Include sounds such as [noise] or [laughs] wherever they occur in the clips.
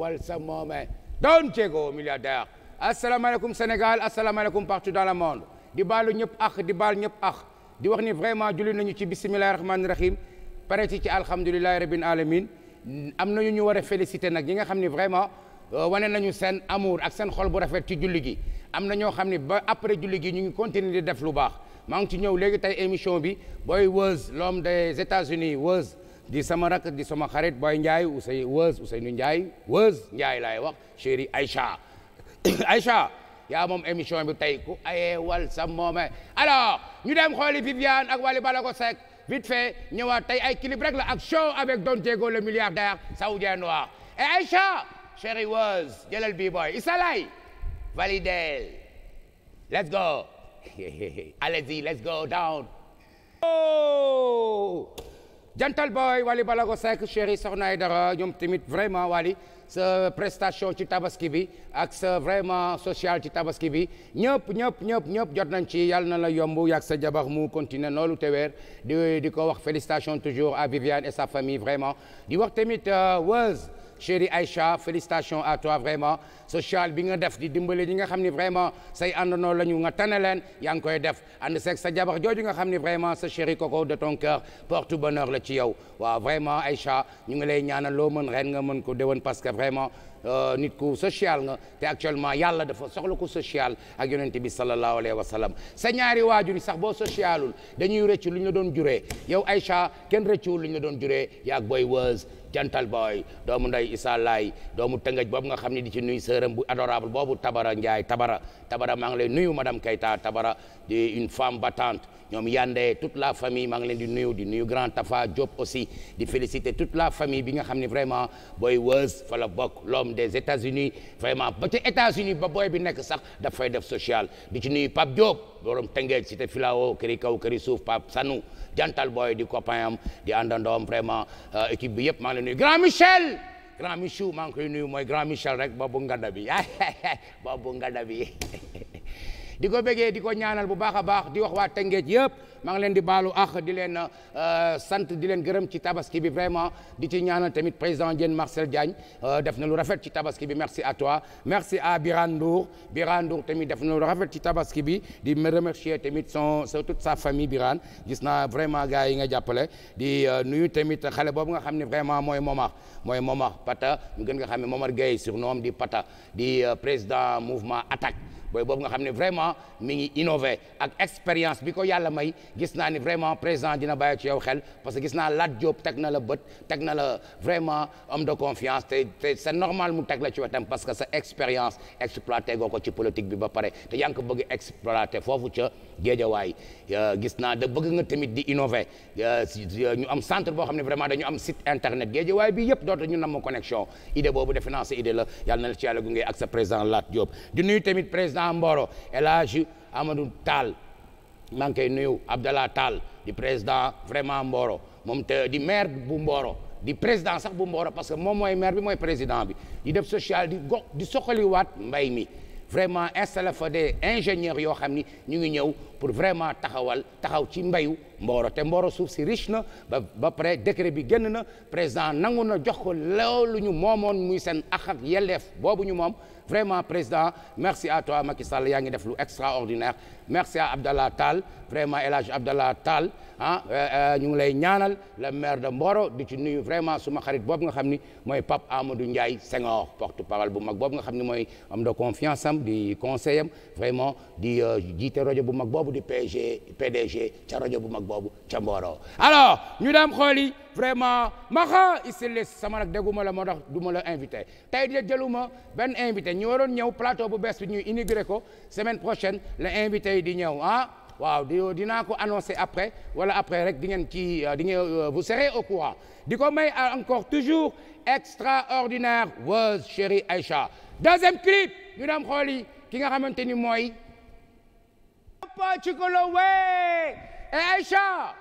wal sa moomee doon jéego milliardaire asalaamaaleykum Sénégal asalaamaaleykum partout dans le monde di baalu ñëpp ak di baal ñëpp ak di wax ni vraiment julli nañu ci bisimilahi rahmaani rahim pare ci ci alhamdulilahi rabbil alamin am nañu ñu war a félicité nag ñi nga xam ni vraiment euh, wane nañu seen amour ak seen xol bu rafet ci julli gi am na ñoo xam ne ba après julli gi ñu ngi continuer di def lu baax maa ngi ci ñëw léegi tey émission bi booy Woz l'homme des états di sama rakk di sama xarit Boy Ndiaye Ousey Wëz Ousseynou Ndiaye Wëz Ndiaye laay wax chéri [coughs] Aïcha yaa moom émission bi tey ku ayee wal sa moome alors ñu dem xooli Viviane ak Wally Ballago Seck vite fait ñëwaat tey ay clip rek ak show avec Don Diego le milliardaire saoudien noir et Aïcha chéri Wëz jëlal bi boy Issa Laye validel let's go [laughs] down oh! jantal booy Wally Balago Seck chéri Soxna dara ñoom tamit vraiment Wally sa prestation ci tabaski bi ak sa vraiment social ci tabaski bi ñëpp ñëpp ñëpp ñëpp jot nañ ci yàlla na la yomb yàgg sa jabar mu continuer noonu te weer di ko wax félicitation toujours à Viviane et sa famille vraiment di wax tamit Weuz chérie Aïcha félicitations à toi vraiment social bi nga def di dimbale ñi nga xam ni vraiment say àndandoo la ñu nga tane leen yaa ngi koy def ànd seeg sa jabar jooju nga xam ni vraiment sa chérie coco de ton cœur porte bonheur la ci yow waaw vraiment Aïcha ñu ngi lay ñaanal loo mën ren nga mën ko déwén parce que vraiment euh, nit ku social nga te actuellement yàlla dafa soxla ku social ak yonent bi sallallahu alayhi wa sallam sa ñaari waajur yi sax boo socialul dañuy rëcc lu ñu la doon juree yow Aïcha kenn rëccuwul lu ñu la doon juree yaag boy wëz jantal booy doomu nday Issa Laay doomu tëngëj boobu nga xam ne di ci nuyu sërëm bu adorable boobu Tabara Ndiaye Tabara Tabara maa ngi lay nuyu madame Keita Tabara di une femme ñoom yande toute la famille maa ngi leen di nuyu di nuyu grand Tafa Diop aussi di féliciter toute la famille bi nga xam ni vraiment booy wës fa la bokk l'homme des États-Unis vraiment ba ca états ba booy bi nekk sax dafay def social di ci nuyu Pape Diop borom Tëngéej cité filao këri kaw këri suuf Pape Sanou jantal booy di copain di àndandoom vraiment euh, équipe bi yëpp maa ngi leen nuyu grand Michel grand maa ngi koy nuyu mooy grand Michel rek boobu ngada bi [laughs] boobu ngada bi [laughs] di ko bëggee di ko ñaanal bu baax a baax di wax waa Tëngéej yëpp maa ngi leen di baalu ak di leen euh, sant di leen gërëm ci tabaski bi vraiment di ci ñaanal tamit président Diène Marcel Diagne euh, def na lu rafet ci tabaski bi merci à toi merci à Birane Ndour Birane Ndour tamit def na lu rafet ci tabaski bi di remercier tamit son toute sa famille Birane gis naa vraiment gars yi nga jàppale di euh, nuyu tamit xale boobu nga xam ne vraiment mooy Momar mooy Momar Pata ñu gën nga xam ne Momar Gueye surnom di Pata di président mouvement Attaque booy boobu nga xam ne vraiment mi ngi innové ak expérience bi ko yàlla may gis naa ni vraiment président dina bàyyi ci yow xel parce que gis naa Lat Diop teg na la bët teg na la vraiment homme de confiance te te normal mu teg la ci wetam parce que sa expérience exploité goo ko ci politique bi ba pare te yaa ngi ko bëgg exploité foofu ca Géejawaay euh, gis naa da bëgg nga tamit di innové euh, ñu am centre boo xam ne vraiment dañu am site internet Géejawaay bi yëpp dootu ñu nam connexion idée boobu defe naa sa idée la la ci yàlla gunge ak sa président Lat Diop président Mboro El Hadj Amadou Tall maa ngi koy nuyu Abdallah Tall di président vraiment Mboro moom te di maire bu Mboro di président sax bu Mboro parce que moom mooy maire bi mooy président bi di def social di gox di soxaliwaat mbay mi vraiment installé fa des ingénieurs yoo xam ni ñu ngi ñëw pour vraiment taxawal taxaw ci mbayu Mboro te Mboro suuf si riche na ba pare décret bi génn na président nangu na jox ko loolu ñu moomoon muy seen ak ak yelleef boobu ñu moom vraiment président merci à toi Macky Sall yaa ngi def lu extraordinaire merci à Abdallah Tall vraiment El Hadj Abdallah Tall ah euh, euh, ñu ngi lay ñaanal le maire de Mboro di ci nuyu vraiment suma xarit boobu nga xam ni mooy Pape Amadou Ndiaye Senghor porte parole bu mag boobu nga xam ni mooy homme de confiance am di conseil vraiment di euh, jiite rajo bu mag boobu di PG PDG ca rajo bu mag boobu ca Mboro alors ñu dem xooli vraiment maxa isilis sama nag dégguma la moo tax du ma la invité tey de jëluma benn invité ñu waroon ñëw plateau bu bees bi ñuy inauguré ko semaine prochaine la invité di ñëw ah waaw di dinaa ko annoncé après wala après rek di ngeen ci euh, di ngeen euh, vous serez au courant di ko may encore toujours extraordinaire Weuz chérie Aïcha deuxième clip ñu dem xool yi ki nga xamante ni mooy pa ci ko la wee eh, Aïcha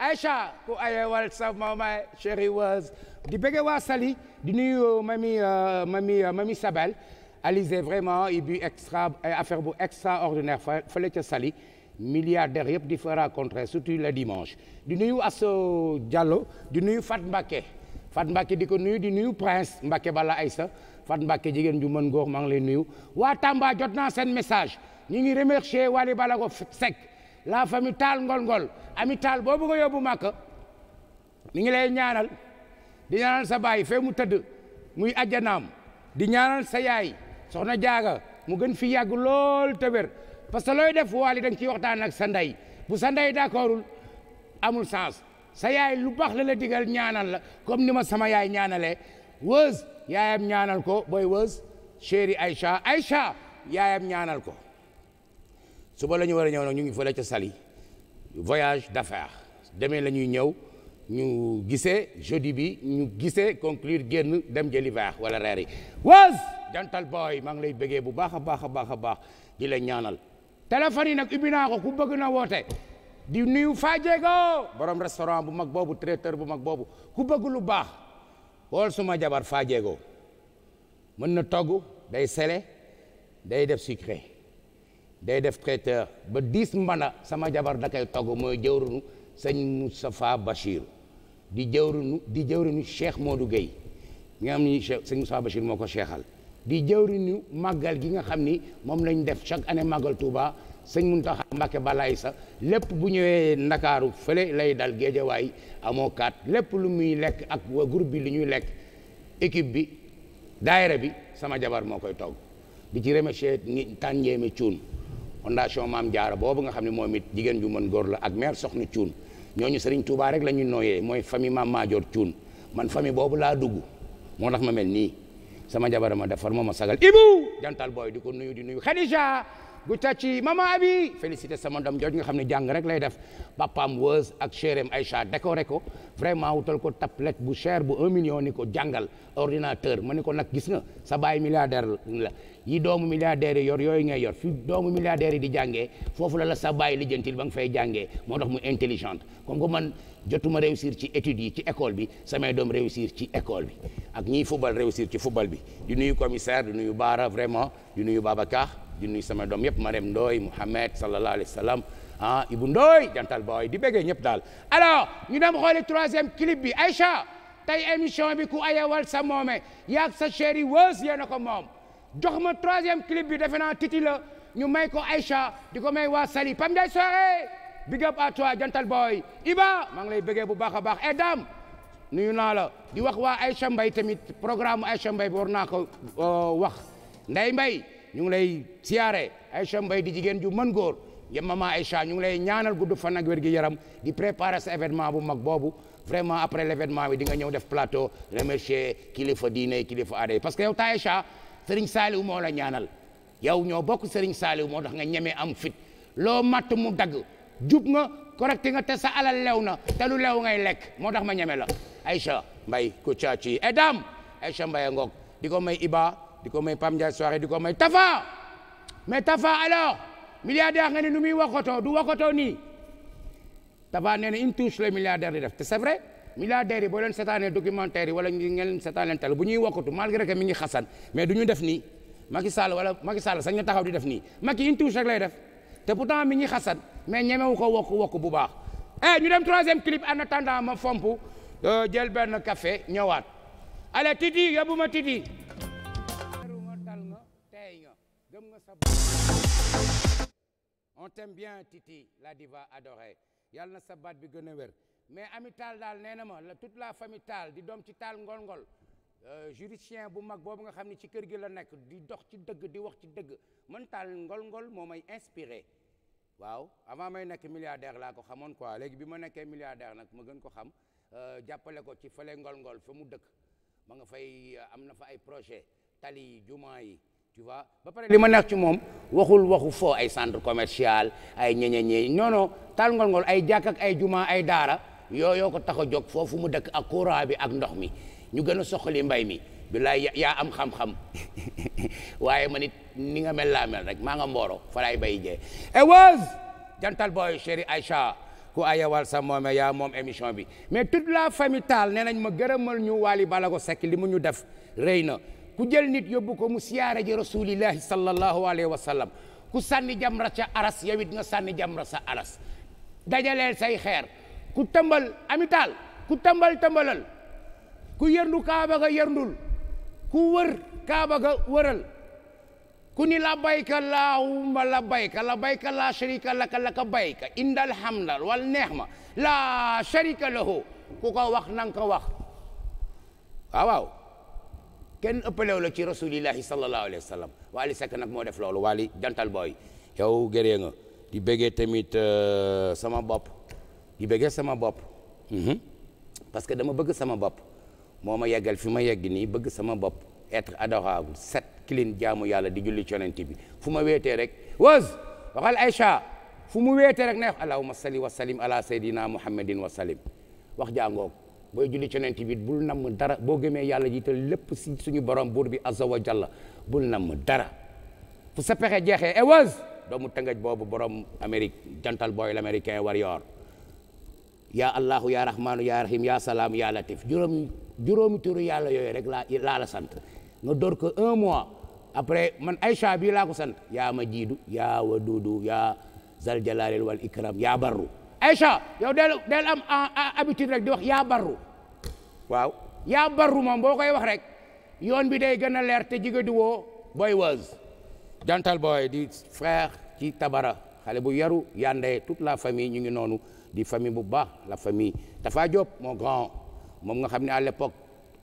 Aïcha ku ayewal sa mama chéri was di bëgg waa Saly di nuyu euh, mami euh, mami euh, mami Sabal Alizé vraiment i bu extra affaire bu extraordinaire fële ca Saly milliardaire yëpp di fa rencontrer surtout le dimanche di nuyu Asso Diallo di nuyu Fat Mbacké Fat Mbacké di ko nuyu di nuyu Prince Mbacké bala Aïssa Fat Mbacké jigéen ju mën góor maa ngi lay nuyu waa Tamba jot naa seen message ñu ngi remercier Wally Ballago Seck la famille taal ngol-ngol ami taal boobu nga yóbbu màkk mi ngi lay ñaanal di ñaanal sa baay fee mu tëdd muy ajanaam di ñaanal sa yaay soxna jaaga mu gën fi yàgg lool te wér parce que looy def waali da nga ciy waxtaan ak sa ndey bu sa ndey d'accordul amul sens sa yaay lu baax la la digal ñaanal la comme ni ma sama yaay ñaanalee wëz yaayam ñaanal ko booy wëz chéri ay Aïcha yaayam ñaanal ko suba la ñu war a ñëw nag ñu ngi fële ca Saly voyage d'affaires demee la ñuy ñëw ñu gise jeudi bi ñu gisee conclure génn dem jëli verre wala reer yi was jantal boy maa ngi lay bëggee bu baax a baax a baax a baax di la ñaanal téléphone yi nag ubbi ko ku bëgg na woote di nuyu Fadiego borom restaurant bu mag boobu traiteur bu mag boobu ku bëgg lu baax xool suma jabar Fadiego mën na togg day sele day def sucré day def traiteur ba dix mbana sama jabar da koy togg mooy jëwrinu sëñ Moustapha Bachir di jëwrinu di jëwrinu Cheikh Modou Gueye nga xam ni Cheikh sëñ Moustapha moo ko cheikhal di jëwrinu màggal gi nga xam ni moom lañu def chaque année màggal Touba sëñ Mountakha Mbacké Balaye sax lépp bu ñëwee Ndakaaru fële lay dal Géejawaay amoo kaat lépp lu muy lekk ak waa group bi lu ñuy lekk équipe bi daayira bi sama jabar moo koy togg di ci remercier ni tànjeeme cuun fondation Maam Jaara boobu nga xam ne moom it jigéen ju man góor la ak mère Soxna Cuun ñooñu Serigne Touba rek la ñu nooyee mooy famille Maam Maajoor Cuun man famille boobu laa dugg moo tax ma mel nii sama ma defar ma ma sagal Ibu jantal booy di ko nuyu di nuyu Khadija gu tàcci mama abi félicité sama doom jooju nga xam ne jàng rek lay def papaam wës ak chérém Aïcha décoré ko vraiment wutal ko tablette bu cher bu un million ni ko jàngal ordinateur ma ne ko nag gis nga sa baay milliardaire la yi doomu milliardaire yi yor yooyu ngay yor fi doomu milliardaire yi di jàngee foofu la la sa baay lijjantil nga fay jàngee moo tax mu intelligente comme man jotuma réussir ci études yi ci école bi samay doom réussir ci école bi ak ñiy football réussir ci football bi di nuyu commissaire di nuyu Baara vraiment di nuyu Babacar di nuyu sama doom yëpp Marème Ndoye Mouhamed sallallahu alayhi wa sallam ah jantal booy di bëggee ñëpp daal alors ñu dem xooli troisième clip bi Aïcha tey émission bi ku ayewal sa moome yaag sa chéri wës yéena ko moom jox ma troisième clip bi defe naa titi la ñu may ko Aïcha di ko may waa Sali Pam Ndiaye Soare big up maa ngi lay bëggee bu baax a baax et dam nuyu naa la di wax waa Aïcha Mbaye tamit programme Aïcha Mbaye bi ko euh, wax Ndeye Mbaye ñu ngi lay siyaare Aïcha di jigéen ju man góor ya maman Aïcha ñu ngi lay ñaanal gudd fan ak wér gi yaram di préparer sa événement bu mag boobu vraiment après l' événement bi di ñëw def plateau remercier kilifa diine kilifa aada yi parce que yow ta Aïcha Serigne saaliw moo la ñaanal yow ñoo bokk Serigne Saliou moo tax nga ñemee am fit loo matt mu dagg jub nga correct nga te sa alal lew na te lu lew ngay lekk moo tax ma ñeme la Aïcha Mbaye Kouthia ci edam Aïcha di ko may Pam Ndiaye soirée di may Tafa mais Tafa alors milliardaire nga ne nu muy waxatoo du waxatoo nii Tafa nee na une touche le milliardaire di def te c'est vrai milliardaires yi boo leen seetaanee documentaire yi wala ngeen leen seetaan leen tal bu ñuy waxatu malgré que mi ngi xasan mais du ñu def nii Macky Sall wala Macky Sall sax ñu taxaw di def nii Macky une touche rek lay def te pourtant mi ngi xasan mais ñemewu ko wokk wokk bu baax eh ñu dem troisième clip en attendant ma fomp euh, jël benn café ñëwaat allez Titi yóbbu gëm nga sa on t'aime bien Titi la diva adorée yàlla na sa baat bi gën a wér mais ami taal daal nee na ma la toute la famille taal di doom ci taal ngol-ngol euh, juricien bu mag boobu nga xam ne ci kër gi la nekk di dox ci dëgg di wax ci dëgg man taal ngol-ngol moo may inspiré waaw avant may nekk milliardaire laa ko xamoon quoi léegi bi ma nekkee milliardaire nag ma gën ko xam euh, jàppale ko ci fële ngol-ngol fa mu dëkk ma fay euh, am na fa ay projet tali jumaa yi li ma neex ci moom waxul waxu fo ay centre commercial ay ñeñeñe non non taal ngol-ngol ay jàkk ak ay juma ay daara yooyoo ko tax a jóg foofu mu dëkk ak courant bi ak ndox mi ñu gën a soxali mbay mi bilaay yaa am xam-xam [laughs] waaye ma it ni nga mel laa mel rek maa nga mbooro falaay bay jee e eh, ba jantal boy chéri Aïcha ku ayawal sa moome yaa moom émission bi mais toute la famille taal nee nañ ma gërëmal ñu bala Ballago Seck li mu ñu def rëy na ku jël nit yóbbu ko mu siyaare ji rasulillahi sallallahu alayhi wa sallam ku sànni jamra sa aras yow it nga sànni jamra sa aras dajaleel say xeer ku tëmbal amital ku tëmbal tëmbalal ku yërndu kaaba ga yërndul ku wër kaaba ga wëral ku ni labayka laahumma labayka labayka laa sharika laka laka bayka indal hamda wal neexma laa sharika lahu ku ko wax nang ko wax waaw kenn ëppalewu la ci rasulillahi sallallahu alayhi wa sallam Wally Seck nag moo def loolu Wally jantal booy yow gëree di bëggee tamit euh, sama bopp di bëggee sama bopp mhm. parce que dama bëgg sama bopp moo ma yeggal fi ma yegg nii bëgg sama bopp être adorable set clean jaamu yàlla di julli yonent bi fu ma weetee rek waz waxal Aïcha fu mu weetee rek ne allahumma salli wa sallim ala sayyidina muhammadin wa sallim wax jàngoog booy julli ci yonent bi bul namm dara boo gëmee yàlla ji te lépp si suñu borom buur bi azza wa jalla bul namm dara fu sa pexe jeexee ewas eh, doomu tëngëj boobu borom Amérique jantal booy l'américain war yoor yaa allahu yaa rahmaanu yaa rahim yaa salaam yaa latif juróomi juróomi yàlla yooyu rek laa laa la sant nga door ko un mois après man ay bii laa ko sant ya ma jiidu yaa wadudu yaa zal jalaalil wal ikram yaa barru cha yow del del am habitude rek di wax yaa barru waaw yaa barru moom boo koy wax rek yoon bi day gën a leer te jigéen boy was jantal boy di frère ci tabara xale bu yaru yandee toute la famille ñu ngi noonu di famille bu baax la famille Tafa Diop mon grand moom nga xam ne à l'époque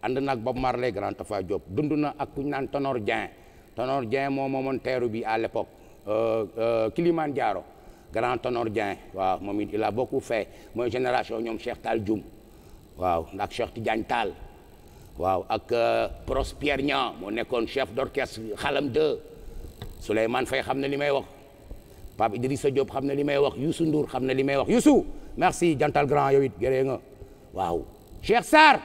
ànd nag ak Bob Marley grand Tafa Diop dund na ak ku ñu naan Tonor Dieng Tonor Dieng moo moomoon teeru bi à l'époque euh, euh, Kilimanjaro grand Tanor Dieng waaw moom it il a beaucoup fait mooy génération ñoom Cheikh Tall Dioum waaw ndax Cheikh Tidiane Tall waaw ak euh, Pros Pierre Niang moo nekkoon chef d'orchestre xalam 2 Souleymane Faye xam na li may wax Pape sa Diop xam na li may wax Youssou Ndour xam na li may wax Youssou merci jantal grand yow it waaw Cheikh Sarr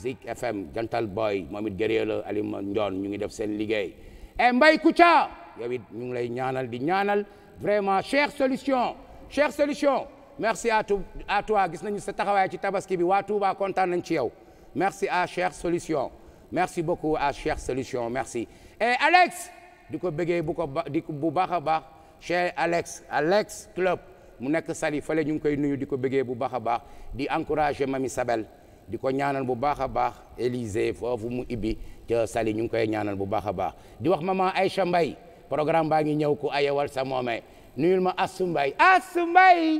Zik FM jantal boy moom it gëree la Alima ñu ngi def seen liggéey e Mbaye Kouthia yow it ngi lay ñaanal di ñaanal vraiment Cheikh Solution Cheikh Solution merci à tout à toi gis nañu sa taxawaay ci tabaski bi waa Touba kontaan nañ ci yow merci à Cheikh Solution merci beaucoup à Cheikh Solution merci et Alex di ko bëggee bu ko bu baax a baax Cheikh Alex Alex Club mu nekk Saly fale ñu ngi koy nuyu di ko bëggee bu baax a baax di encourager Mami Sabel di ko ñaanal bu baax a baax Élysée foofu mu ibbi ca Saly ñu ngi koy ñaanal bu baax a baax di wax maman Aïcha Mbaye programme baa ngi ñëw ku ayewal sa moomee nuyul ma Assou Mbaye Assou Mbaye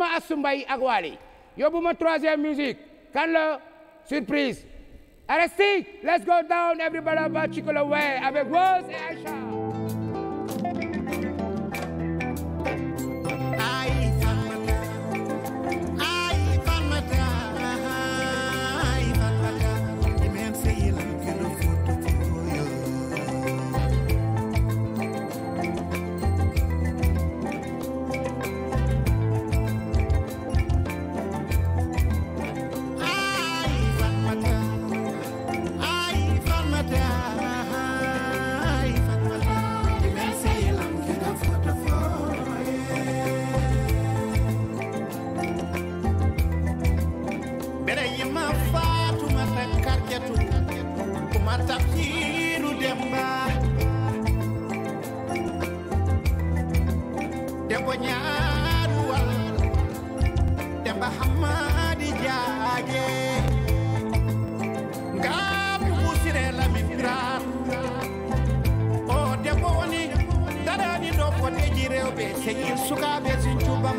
ma Assou ak Waly yóbbu ma troisième musique kan la surprise Aristide let's go down everybody back Chikolo way avec Rose et Aïcha ko ñaari wal Demba Hamadi Jaage ngam usire la mi gran o oh, debbo woni darani ɗo boteji rewɓe sehir sukaɓe sin cuba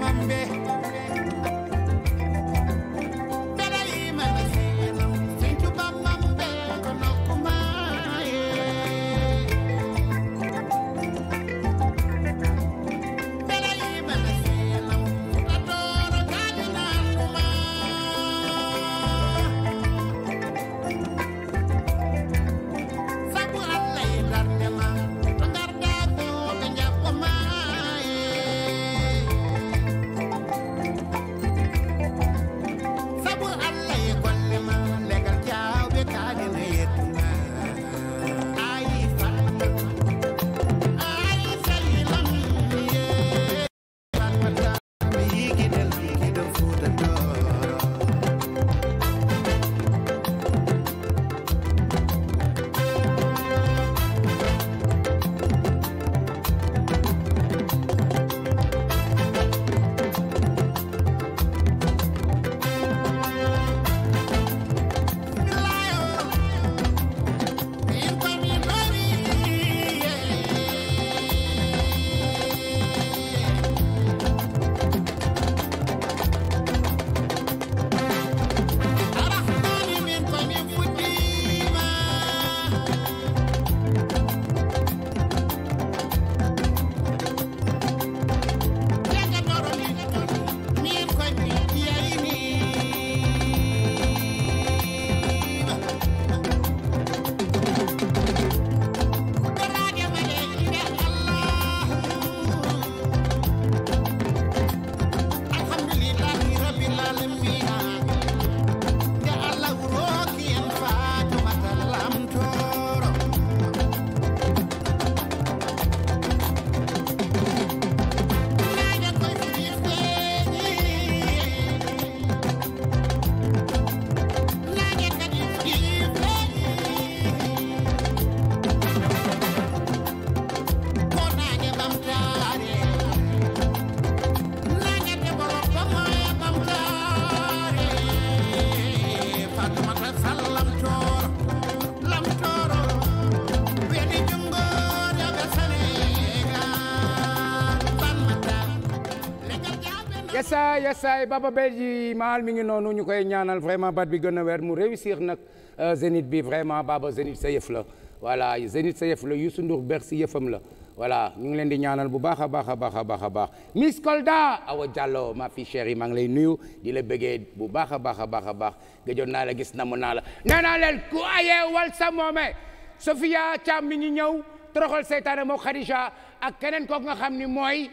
yesaay Baba Belji maal mi ngi noonu ñu koy ñaanal vraiment bat bi gën a weer mu réussir nag euh, Zénith bi vraiment Baba Zénith sa yëf la voilà Zénith sa yëf la Youssou Ndour Bercy yëfam la voilà ñu ngi leen di ñaanal bu baax a baax a baax a baax a baax Miss Kolda Awa Diallo ma fi yi mang lay nuyu di la bëggee bu baax a baax a baax a baax gëjoon naa la gis namu naa la nee naa leen ku ayee wal sa moome Sophia Thiam mi ngi ñëw toroxal seytaane moo Khadija ak keneen kooku nga xam ni mooy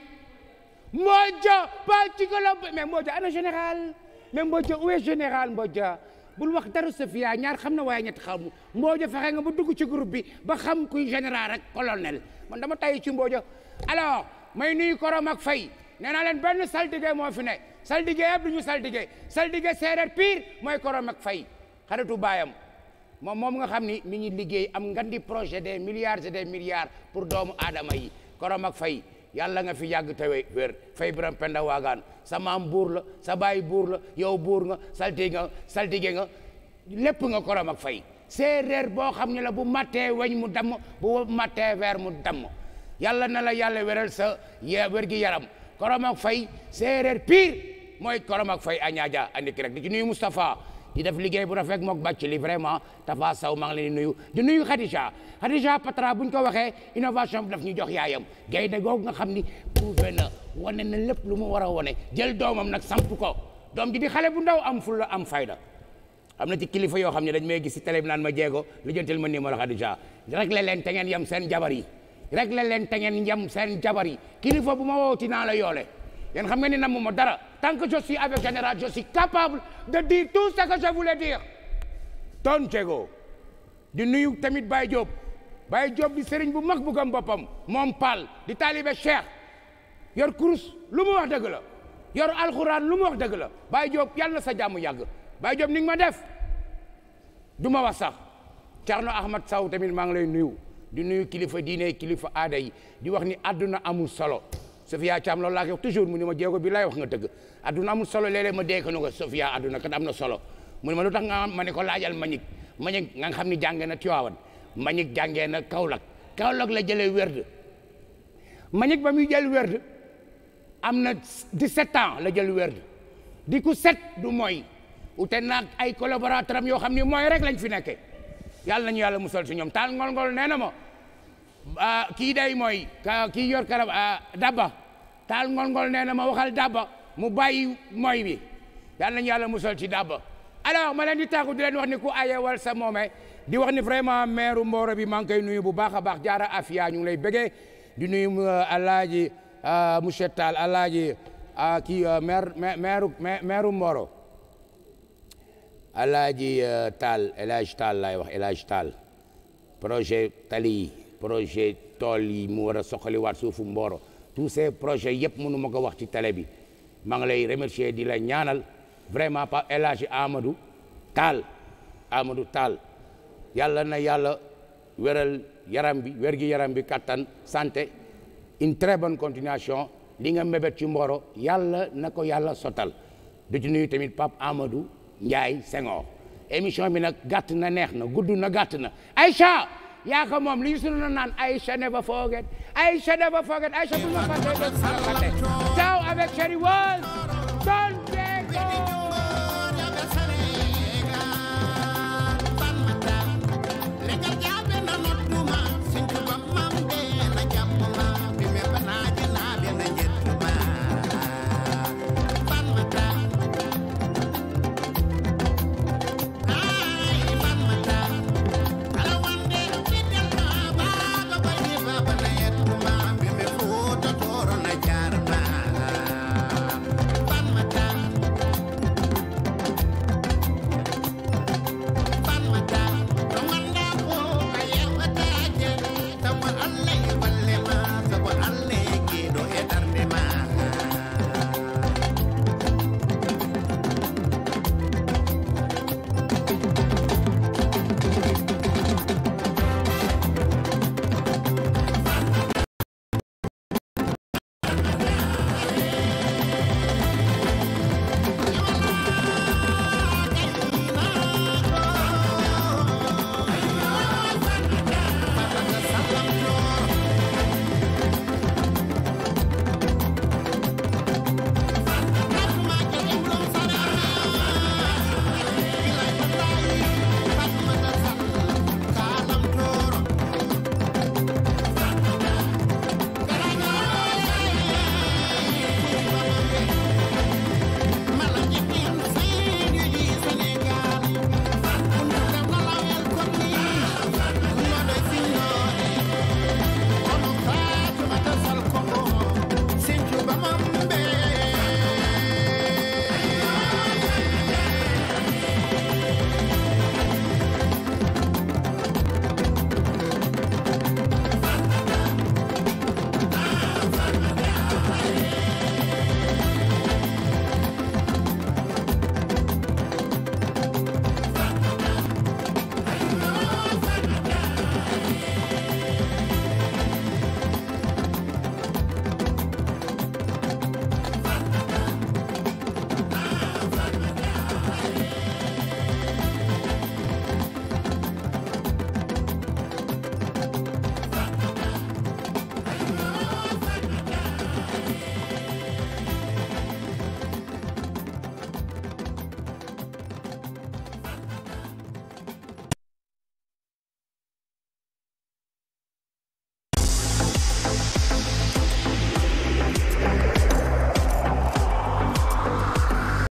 Mbodja Batikolo mais Mbodja ana général mais Mbodja où est général Mbodja bul wax dara Sofia ñaar xam na waaye ñett xamu Mbodja fexe nga ba dugg ci groupe bi ba xam kuy général ak colonel man dama tay ci mboojo alo may nuyu korom ak fay nee naa leen benn saltige moo fi ne saltige yëpp du ñu saltige saltige séeréer pire mooy korom ak fay xaritu baayam moom moom nga xam ni mi ngi liggéey am ngandi projet des milliards et des milliards pour doomu aadama yi korom ak fay yàlla nga fi yàgg te wér fay biram penda waagaan sa maam buur la sa baay buur la yow buur nga saltige nga saltige nga lépp nga korom ak fay séeréer boo xam ne la bu mattee weñ mu damm bu mattee weer mu damm yàlla na la yàlla wéral sa wér gi yaram korom ak fay séeréer pire mooy korom ak fay añaaja andi ki rek di nuyu Moustapha di def liggéey bu rafet mook bàcc li vraiment Tafa saw maa ngi leen di nuyu di nuyu Khadija Khadija Patra buñ ko waxee innovation bi daf ñu jox yaayam gaynde googu nga xam ni prouvé na wane na lépp lu mu war a wane jël doomam nag samp ko doom ji di xale bu ndaw am fulla am fayda am na ci kilifa yoo xam ne dañ may gis si télé bi naan ma jéego jon jëntel ma numéro Khadija rek la leen te ngeen yem seen jabar yi rek la leen tengeen ngeen yem seen jabar yi kilifa bu ma wooti naa la yoole yéen xam nga ni namu ma dara tant que je suis avec général je suis capable de dire tout ce que je voulais ton jego di nuyu tamit Baye Diop Baye Diop di sëriñ bu mag bu gëm boppam moom pal di taalibe Cheikh yor kurus lu mu wax dëgg la yor alxuraan lu mu wax dëgg la Baye Diop yàlla na sa jàmm yàgg Baye Diop ni nga ma def du ma wax sax Thierno Ahmad saw tamit maa ngi lay nuyu di nuyu kilifa diine kilifa aada yi di wax ni àdduna amul solo Sofia Thiam loolu laa koy wax mu ne ma jéego bi laay wax nga dëgg adduna amul solo léeg ma dégg ko ne ko Sofia kat am na solo mu ne ma lu tax nga ma ne ko laajal Manick Manick nga xam ni jàngee ti Tiwaawan Manick jàngee na Kaolack Kaolack la jëlee werd Manick ba muy jël werd am na 17 ans la jël werd di ku set du moy ute naag ay collaborateur am yoo xam ne mooy rek lañ fi nekkee yàlla nañu yàlla sol si ñoom taal ngol-ngol nee na ma ah, kii day mooy kii yor karab ah, dabba taal ngol-ngol nee na ma waxal dàbba mu bàyyi mooy bi yal nañu yàlla musal ci dàbba alors ma leen di tàggu di leen wax ni ku ayewal sa moome di wax ni vraiment maire mbooro bi maa ngi koy nuyu bu baax a baax jaara afia ñu ngi lay bëggee di nuyu euh, alaaji euh, monsieur Tall alaaji euh, kii maire maire maire Mboro alaaji Tall El Hadj Tall laay wax El Hadj Tall projet tali projet tool yi mu war a soxaliwaat suufu Mboro tous ces projets yëpp mënu ma ko wax ci tale bi maa ngi lay remercier di la ñaanal vraiment pa El Hadji Amadou Tall Amadou taal yàlla na yàlla wéral yaram bi wér yaram bi kattan santé une très bonne continuation li nga mébét ci Mboro yàlla na ko yàlla sottal du ci nuyu tamit Pape Amadou Ndiaye Senghor émission bi nag gàtt na neex na gudd na gàtt na Aïcha yaa ka moom li ñu sunu naan Aïcha never forget Aïcha never forget Aïcha bu ma fàtte taw avec